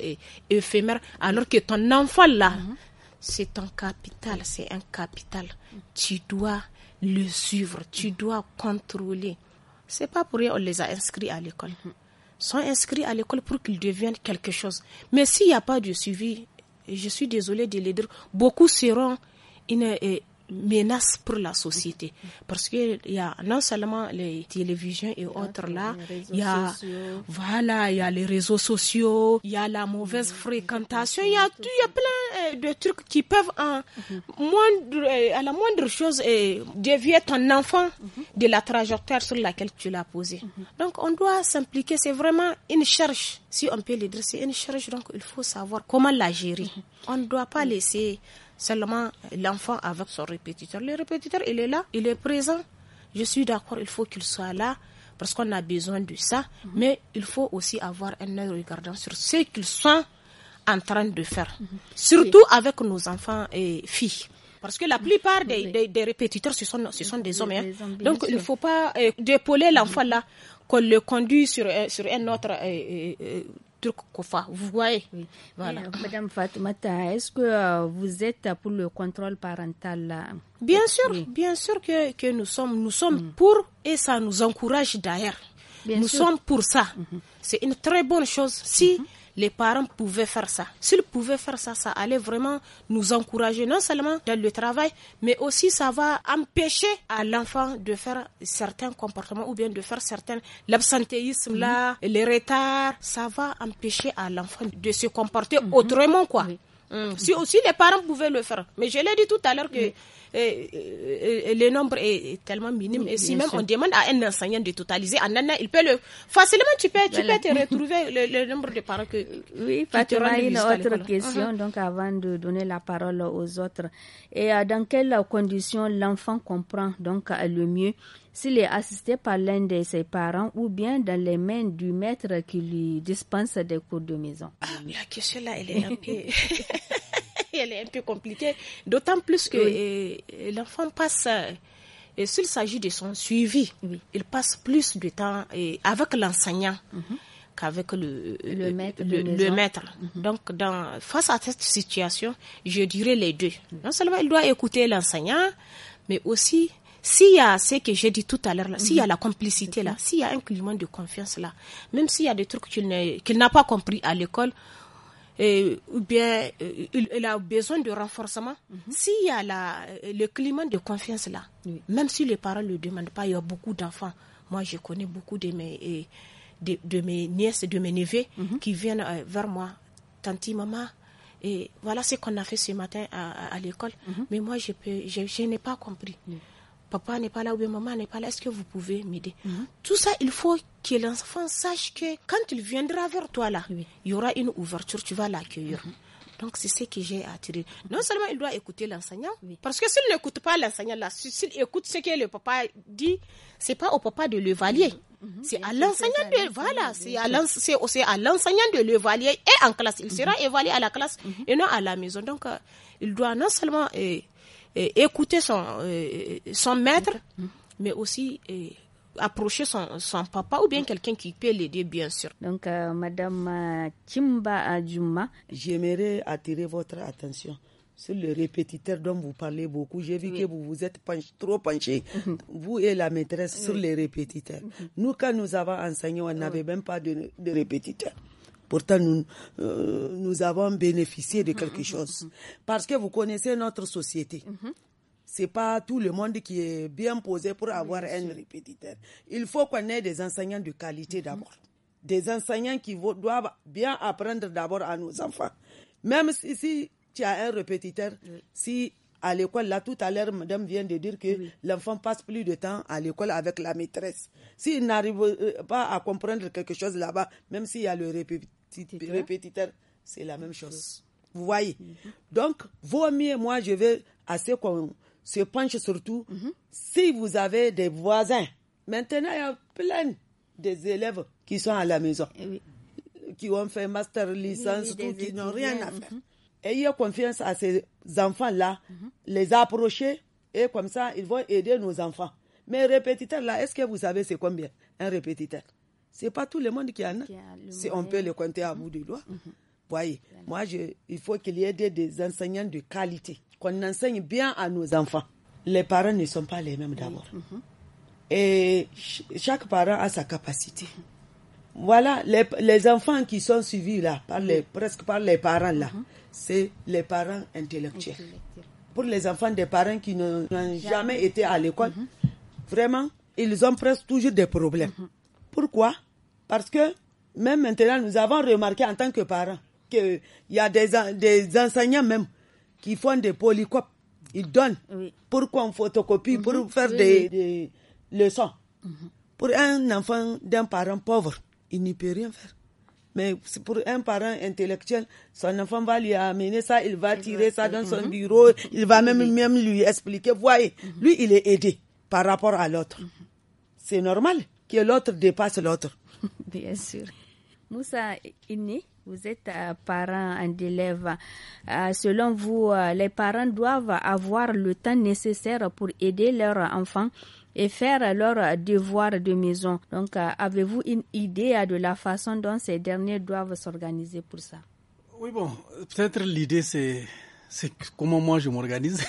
éphémères. Alors que ton enfant là, c'est ton capital, c'est un capital. Tu dois le suivre, tu dois contrôler. C'est pas pour rien on les a inscrits à l'école. Ils sont inscrits à l'école pour qu'ils deviennent quelque chose. Mais s'il n'y a pas de suivi, je suis désolée de le dire, beaucoup seront euh, menace pour la société. Parce qu'il y a non seulement les télévisions et autres là, il y a, voilà, il y a les réseaux sociaux, il y a la mauvaise fréquentation, il y a, il y a plein euh, de trucs qui peuvent mhm. moindre, euh, à la moindre chose euh, dévier ton enfant mhm. de la trajectoire sur laquelle tu l'as posé. Mhm. Donc on doit s'impliquer, c'est vraiment une charge, si on peut le dire, c'est une charge, donc il faut savoir comment la gérer. On ne doit pas laisser seulement l'enfant avec son répétiteur. Le répétiteur, il est là, il est présent. Je suis d'accord, il faut qu'il soit là parce qu'on a besoin de ça, mhm. mais il faut aussi avoir un œil regardant sur ce qu'ils sont en train de faire, mhm. surtout avec nos enfants et filles. Parce que la mhm. plupart des, des, répétiteurs, ce sont, ce sont des hommes. Hein. Donc, il ne faut pas euh, l'enfant là, qu'on le conduit sur, euh, sur un autre euh, euh, turc Fat Vous voyez euh, Madame Fatoumata, est-ce que euh, vous êtes pour le contrôle parental Bien sûr, bien sûr que, nous sommes, nous sommes mm. pour et ça nous encourage d'ailleurs. nous sommes pour ça. Mm-hmm. C'est une très bonne chose. Si mm-hmm les parents pouvaient faire ça. S'ils pouvaient faire ça, ça allait vraiment nous encourager, non seulement dans le travail, mais aussi ça va empêcher à l'enfant de faire certains comportements ou bien de faire certains, l'absentéisme là, mhm. les retards, ça va empêcher à l'enfant de se comporter mhm. autrement, quoi. Hum. Si aussi les parents pouvaient le faire. Mais je l'ai dit tout à l'heure que le nombre est tellement minime. Et si même on demande à un enseignant de totaliser, en un il peut le. Facilement, tu peux, tu peux te retrouver le, nombre de parents que. Oui, as une autre question, uh-huh. donc avant de donner la parole aux autres. Et euh, dans quelles conditions l'enfant comprend donc euh, le mieux s'il est assisté par l'un de ses parents ou bien dans les mains du maître qui lui dispense des cours de maison. Ah, la question là, elle est un peu. elle est un peu compliquée, d'autant plus que euh, l'enfant passe, euh, et s'il s'agit de son suivi, il passe plus de temps euh, avec l'enseignant. Mhm. qu'avec le, le, maître. Le, maître. Mhm. Donc, dans, face à cette situation, je dirais les deux. Non seulement il doit écouter l'enseignant, mais aussi, s'il y a ce que j'ai dit tout à l'heure, s'il y a mhm. la complicité là, s'il y a un climat de confiance là, même s'il y a des trucs qu'il n'a pas compris à l'école, ou bien euh, il, a besoin de renforcement, mhm. s'il y a la, le climat de confiance là, même si les parents ne le demandent pas, il y a beaucoup d'enfants. Moi, je connais beaucoup de mes, de, de mes nièces, de mes neveux mhm. qui viennent euh, vers moi. Tanti, maman, et voilà ce qu'on a fait ce matin à, l'école. Mhm. Mais moi, je, je n'ai pas compris papa n'est pas là ou bien maman n'est pas là, est-ce que vous pouvez m'aider mhm. Tout ça, il faut que l'enfant sache que quand il viendra vers toi la il y aura une ouverture, tu vas l'accueillir. Mhm. Donc c'est ce que j'ai attiré. Non mhm. seulement il doit écouter l'enseignant, parce que s'il n'écoute pas l'enseignant là, s'il écoute ce que le papa dit, c'est pas au papa de le Mm C'est à l'enseignant de voilà, c'est à l'enseignant de le valier et en classe. Il sera évalué à la classe et non à la maison. Donc euh, il doit non seulement euh, écouter euh, son, maître, mais aussi euh, approcher son, son, papa ou bien mm. quelqu'un qui peut l'aider, bien sûr. Donc, euh, Madame Chimba Adjuma. J'aimerais attirer votre attention sur le répétiteur dont vous parlez beaucoup. J'ai vu que vous vous êtes trop penché, mm-hmm. vous et la maîtresse, sur les répétiteurs. Mm-hmm. Nous, quand nous avons enseigné, on ah n'avait même pas de, de répétiteur. Pourtant, nous, euh, nous avons bénéficié de quelque mhm, chose. Mhm, mhm. Parce que vous connaissez notre société c'est pas tout le monde qui est bien posé pour avoir un répétiteur. Il faut qu'on ait des enseignants de qualité d'abord. Des enseignants qui doivent bien apprendre d'abord à nos enfants. Même si, tu as un répétiteur, si à l'école, là tout à l'heure, madame vient de dire que l'enfant passe plus de temps à l'école avec la maîtresse. S'il n'arrive euh, pas à comprendre quelque chose là-bas, même s'il y a le répétiteur, répétiteur, hein. hein. c'est la même chose. Mhm. Vous voyez mhm. Donc, vaut mieux, moi, je veux assez qu'on se penche surtout mhm. si vous avez des voisins. Maintenant, il y a plein des élèves qui sont à la maison, eh qui ont fait master, licence, tout, qui n'ont rien à faire. Ayez confiance à ces enfants-là, les approcher, et comme ça, ils vont aider nos enfants. Mais répétiteur, là, est-ce que vous savez c'est combien un répétiteur c'est pas tout le monde qui en a. si on peut le compter à bout de doigt. Mhm. Voyez, moi, je, il faut qu'il y ait des, enseignants de qualité, qu'on enseigne bien à nos enfants. Les parents ne sont pas les mêmes d'abord. Mhm. Et chaque parent a sa capacité. Voilà, les, enfants qui sont suivis là, par les, presque par les parents là, mhm. c'est les parents intellectuels. Pour les enfants des parents qui n'ont jamais. été à l'école, vraiment, ils ont presque toujours des problèmes. Pourquoi parce que même maintenant, nous avons remarqué en tant que parents qu'il y a des, des enseignants même qui font des polycopes. Ils donnent pourquoi pour qu'on photocopie, pour mhm. faire des, leçons. Mhm. Pour un enfant d'un parent pauvre, il n'y peut rien faire. Mais pour un parent intellectuel, son enfant va lui amener ça, il va tirer ça dans son mhm. bureau, il va même, même lui expliquer. Voyez, lui, il est aidé par rapport à l'autre. C'est normal que l'autre dépasse l'autre. Bien sûr. Moussa Inni, vous êtes euh, parent d'élèves. Euh, selon vous, euh, les parents doivent avoir le temps nécessaire pour aider leurs enfants et faire leurs devoirs de maison. Donc, avez-vous une idée de la façon dont ces derniers doivent s'organiser pour ça Oui, bon, peut-être l'idée, c'est c'est comment moi je m'organise.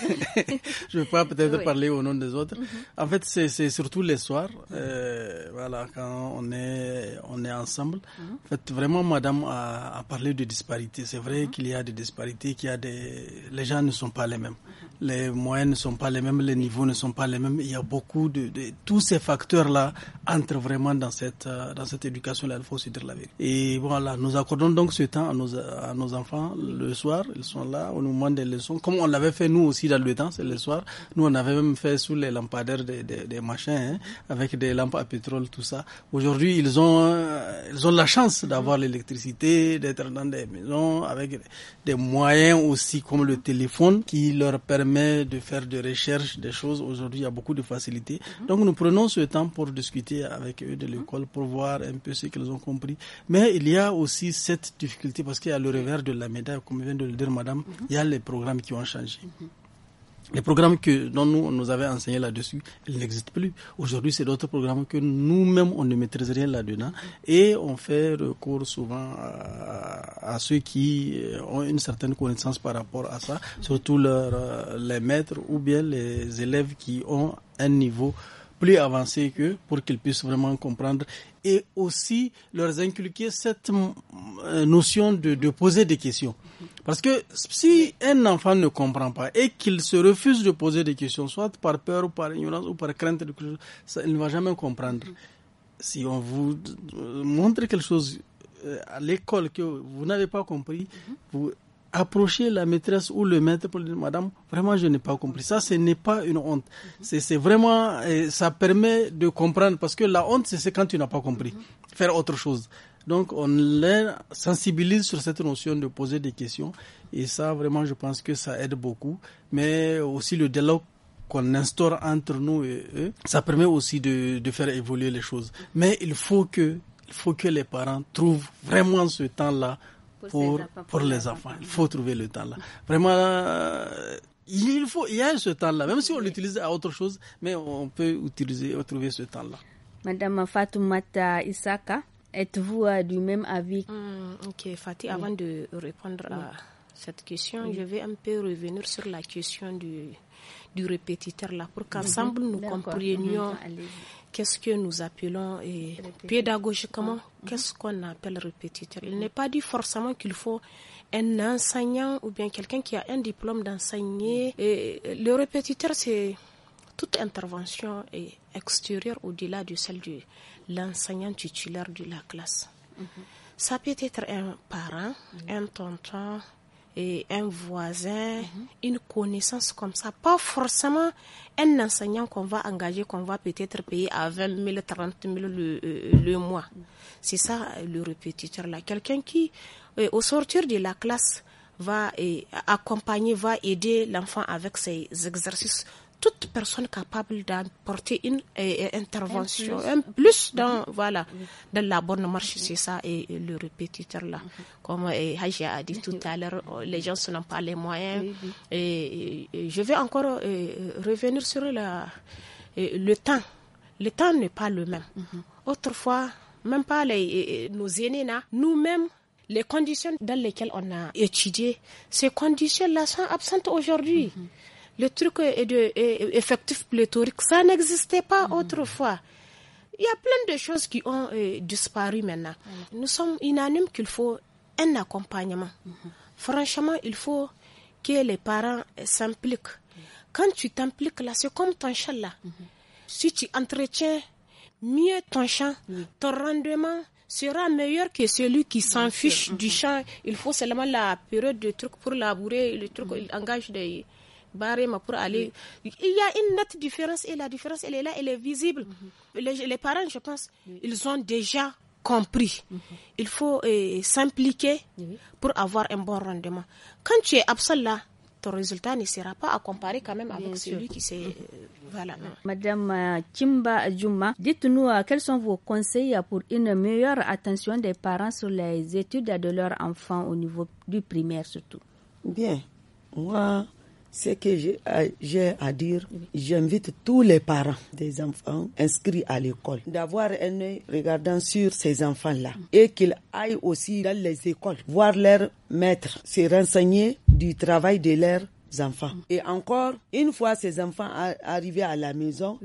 je ne vais pas peut-être parler au nom des autres. Mhm. En fait, c'est surtout les soirs, euh, voilà, quand on est, on est ensemble. Mhm. En fait, vraiment, madame a, parlé de disparité C'est vrai mhm. qu'il y a des disparités, qu'il y a des... Les gens ne sont pas les mêmes. Les moyens ne sont pas les mêmes, les niveaux ne sont pas les mêmes. Il y a beaucoup de... tous ces facteurs-là entrent vraiment dans cette, dans cette éducation-là, il faut se dire la vérité. Et voilà, nous accordons donc ce temps à nos, à nos enfants le soir. Ils sont là, au moment des leçons, comme on l'avait fait nous aussi dans le temps, c'est le soir. Nous, on avait même fait sous les lampadaires des, des, machins, hein, avec des lampes à pétrole, tout ça. Aujourd'hui, ils ont, euh, ils ont la chance d'avoir l'électricité, d'être dans des maisons, avec des moyens aussi comme le téléphone qui leur permet de faire des recherches, des choses. Aujourd'hui, il y a beaucoup de facilité. Mhm. Donc, nous prenons ce temps pour discuter avec eux de l'école, pour voir un peu ce qu'ils ont compris. Mais il y a aussi cette difficulté parce qu'il y a le revers de la médaille, comme vient de le dire madame. Mhm. Il y a les les programmes qui ont changé. Les programmes que, dont nous, on nous avait enseigné là-dessus, ils n'existent plus. Aujourd'hui, c'est d'autres programmes que nous-mêmes, on ne maîtrise rien là-dedans. Et on fait recours souvent à, ceux qui euh, ont une certaine connaissance par rapport à ça, surtout leur, euh, les maîtres ou bien les élèves qui ont un niveau plus avancé qu'eux pour qu'ils puissent vraiment comprendre et aussi leur inculquer cette euh, notion de, poser des questions. Parce que si un enfant ne comprend pas et qu'il se refuse de poser des questions, soit par peur ou par ignorance ou par crainte de quelque il ne va jamais comprendre. Si on vous euh, montre quelque chose euh, à l'école que vous n'avez pas compris, vous, approcher la maîtresse ou le maître pour dire Madame, vraiment, je n'ai pas compris. Ça, ce n'est pas une honte. Mhm. C'est vraiment, euh, ça permet de comprendre parce que la honte, c'est quand tu n'as pas compris. Mhm. Faire autre chose. Donc, on les sensibilise sur cette notion de poser des questions. Et ça, vraiment, je pense que ça aide beaucoup. Mais aussi le dialogue qu'on instaure entre nous et eux, ça permet aussi de, de faire évoluer les choses. Mhm. Mais il faut que, il faut que les parents trouvent vraiment ce temps-là pour, pour les enfants. Il faut trouver le temps là. Vraiment, euh, il, faut, y a ce temps-là, même si on l'utilise à autre chose, mais on peut utiliser, trouver ce temps-là. Madame Fatoumata Isaka, êtes-vous euh, du même avis hum, Ok, Fatih, avant de répondre à cette question, je vais un peu revenir sur la question du, du répétiteur là pour qu'ensemble mhm. nous comprenions mhm. qu'est-ce que nous appelons et eh, pédagogiquement, ah. mhm. qu'est-ce qu'on appelle répétiteur. Il n'est pas dit forcément qu'il faut un enseignant ou bien quelqu'un qui a un diplôme d'enseigner. Le répétiteur, c'est toute intervention eh, extérieure au-delà de celle de l'enseignant titulaire de la classe. Ça peut être un parent, un tonton, et un voisin, mhm. une connaissance comme ça, pas forcément un enseignant qu'on va engager, qu'on va peut-être payer à 20 000, 30 000 le, mois. Mhm. C'est ça le répétiteur là. Quelqu'un qui, euh, au sortir de la classe, va accompagner, va aider l'enfant avec ses exercices toute personne capable d'apporter une euh, euh, intervention, un plus, mm-hmm. dans, mm-hmm. voilà, mm-hmm. la bonne marche, c'est ça, et, le répétiteur là. Comme euh, Haji a dit tout à l'heure, oh, les gens n'ont pas les moyens. Et, je vais encore revenir sur la, le temps. Le temps n'est pas le même. Autrefois, même pas les, nos aînés, nous-mêmes, les conditions dans lesquelles on a étudié, ces conditions-là sont absentes aujourd'hui. Le truc est de effectif pléthorique, ça n'existait pas mm. autrefois. Il y a plein de choses qui ont euh, disparu maintenant. Mm. Nous sommes unanimes qu'il faut un accompagnement. Mm-hmm. Franchement, il faut que les parents s'impliquent. Mm. Quand tu t'impliques là, c'est comme ton chat là. Mm-hmm. Si tu entretiens mieux ton champ, ton rendement sera meilleur que celui qui s'en fiche du mm-hmm. champ. Il faut seulement la période de truc pour labourer, le truc, il engage des pour aller. Il y a une nette différence et la différence, elle est là, elle est visible. Mhm. les, parents, je pense, ils ont déjà compris. Mhm. Il faut euh, s'impliquer pour avoir un bon rendement. Quand tu es absent là, ton résultat ne sera pas à comparer quand même avec celui qui s'est... Mhm. Euh, voilà. Madame euh, Chimba Juma, dites-nous quels sont vos conseils pour une meilleure attention des parents sur les études de leurs enfants au niveau du primaire surtout. Bien, moi, ce que j'ai à dire, j'invite tous les parents des enfants inscrits à l'école d'avoir un œil regardant sur ces enfants-là et qu'ils aillent aussi dans les écoles voir leurs maîtres, se renseigner du travail de leurs enfants. Et encore, une fois ces enfants arrivés à la maison,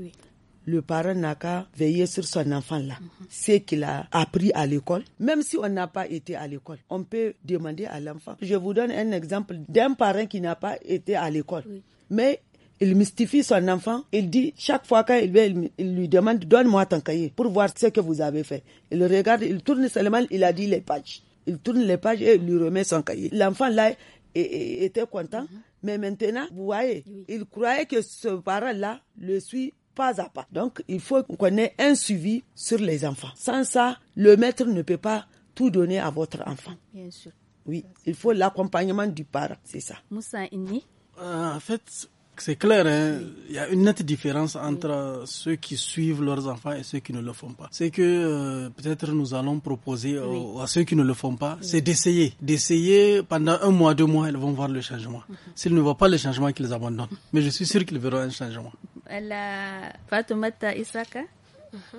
le parent n'a qu'à veiller sur son enfant là. c'est Ce qu'il a appris à l'école, même si on n'a pas été à l'école, on peut demander à l'enfant. Je vous donne un exemple d'un parent qui n'a pas été à l'école. Mais il mystifie son enfant. Il dit, chaque fois qu'il vient, il lui demande, donne-moi ton cahier pour voir ce que vous avez fait. Il regarde, il tourne seulement, il a dit les pages. Il tourne les pages et lui remet son cahier. L'enfant là était content. Mhm. Mais maintenant, vous voyez, il croyait que ce parent-là le suit pas à pas. Donc, il faut qu'on ait un suivi sur les enfants. Sans ça, le maître ne peut pas tout donner à votre enfant. Bien sûr. Oui, il faut l'accompagnement du parent, c'est ça. Moussa Inni. Euh, en fait, c'est clair, hein. il y a une nette différence entre ceux qui suivent leurs enfants et ceux qui ne le font pas. C'est que euh, peut-être nous allons proposer à ceux qui ne le font pas, c'est d'essayer. D'essayer pendant un mois, deux mois, ils vont voir le changement. Mhm. S'ils ne voient pas le changement, qu'ils abandonnent. Mais je suis sûr qu'ils verront un changement. Mhm.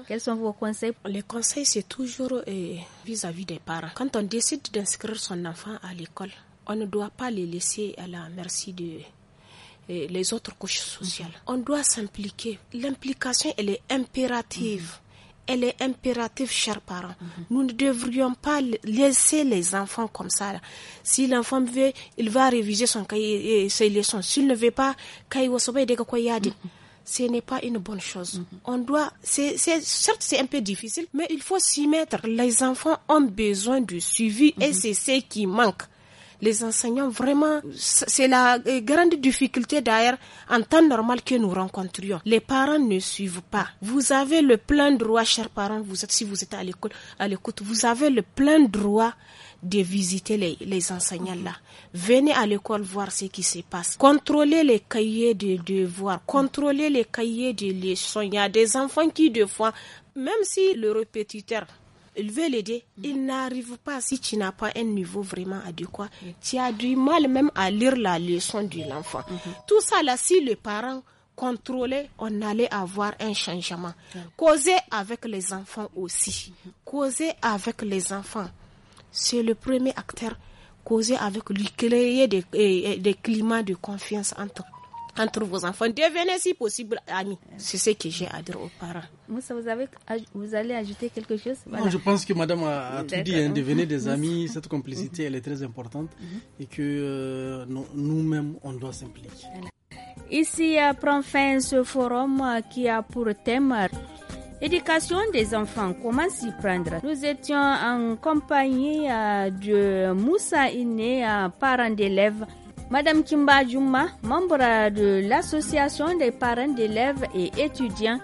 Quels sont vos conseils Les conseils, c'est toujours vis à -vis des parents. Quand on décide d'inscrire son enfant à l'école, on ne doit pas les laisser à la merci de, les autres couches sociales. On doit s'impliquer. L'implication, elle est impérative. Elle est impérative, chers parents. Nous ne devrions pas laisser les enfants comme ça. Si l'enfant veut, il va réviser son cahier et ses leçons. S'il ne veut pas, ce n'est pas une bonne chose. On doit, c'est, certes, c'est un peu difficile, mais il faut s'y mettre. Les enfants ont besoin du suivi et mhm. c'est ce qui manque les enseignants, vraiment, c'est la euh, grande difficulté d'ailleurs en temps normal que nous rencontrions. Les parents ne suivent pas. Vous avez le plein droit, chers parents, si vous êtes à l'école, à l'écoute, vous avez le plein droit de visiter les, enseignants là. Venez à l'école voir ce qui se passe. Contrôlez les cahiers de devoirs, contrôlez les cahiers de leçons. Il y a des enfants qui, de fois, même si le répétiteur il veut l'aider, mm. il n'arrive pas si tu n'as pas un niveau vraiment adéquat. Mm. Tu as du mal même à lire la leçon de mm. l'enfant. Mm-hmm. Tout ça là, si le parent contrôlait, on allait avoir un changement. Causer avec les enfants aussi. Mm-hmm. Causer avec les enfants. C'est le premier acteur. Causer avec lui, créer des, eh, eh, des, climats de confiance entre entre vos enfants. Devenez si possible amis. C'est ce que j'ai à dire aux parents. Moussa, vous, vous allez ajouter quelque chose je pense que madame a, tout dit. Hein. devenez des amis, cette complicité, elle est très importante mhm. et que euh, nous-mêmes, on doit s'impliquer. Ici euh, prend fin ce forum euh, qui a pour thème Éducation des enfants, comment s'y prendre Nous étions en compagnie de Moussa Iné, parent d'élèves Madame Kimba Juma, membre de l'Association des parents d'élèves et étudiants,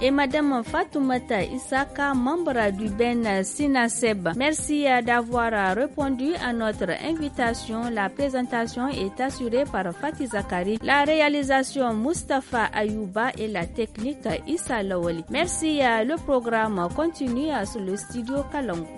et Madame Fatoumata Isaka, membre du Ben Sinaseb. Merci euh, d'avoir euh, répondu à notre invitation. La présentation est assurée par Fatih Zakari, la réalisation Mustafa Ayouba et la technique Issa Lawali. Merci, euh, le programme continue sur le studio Kalongo.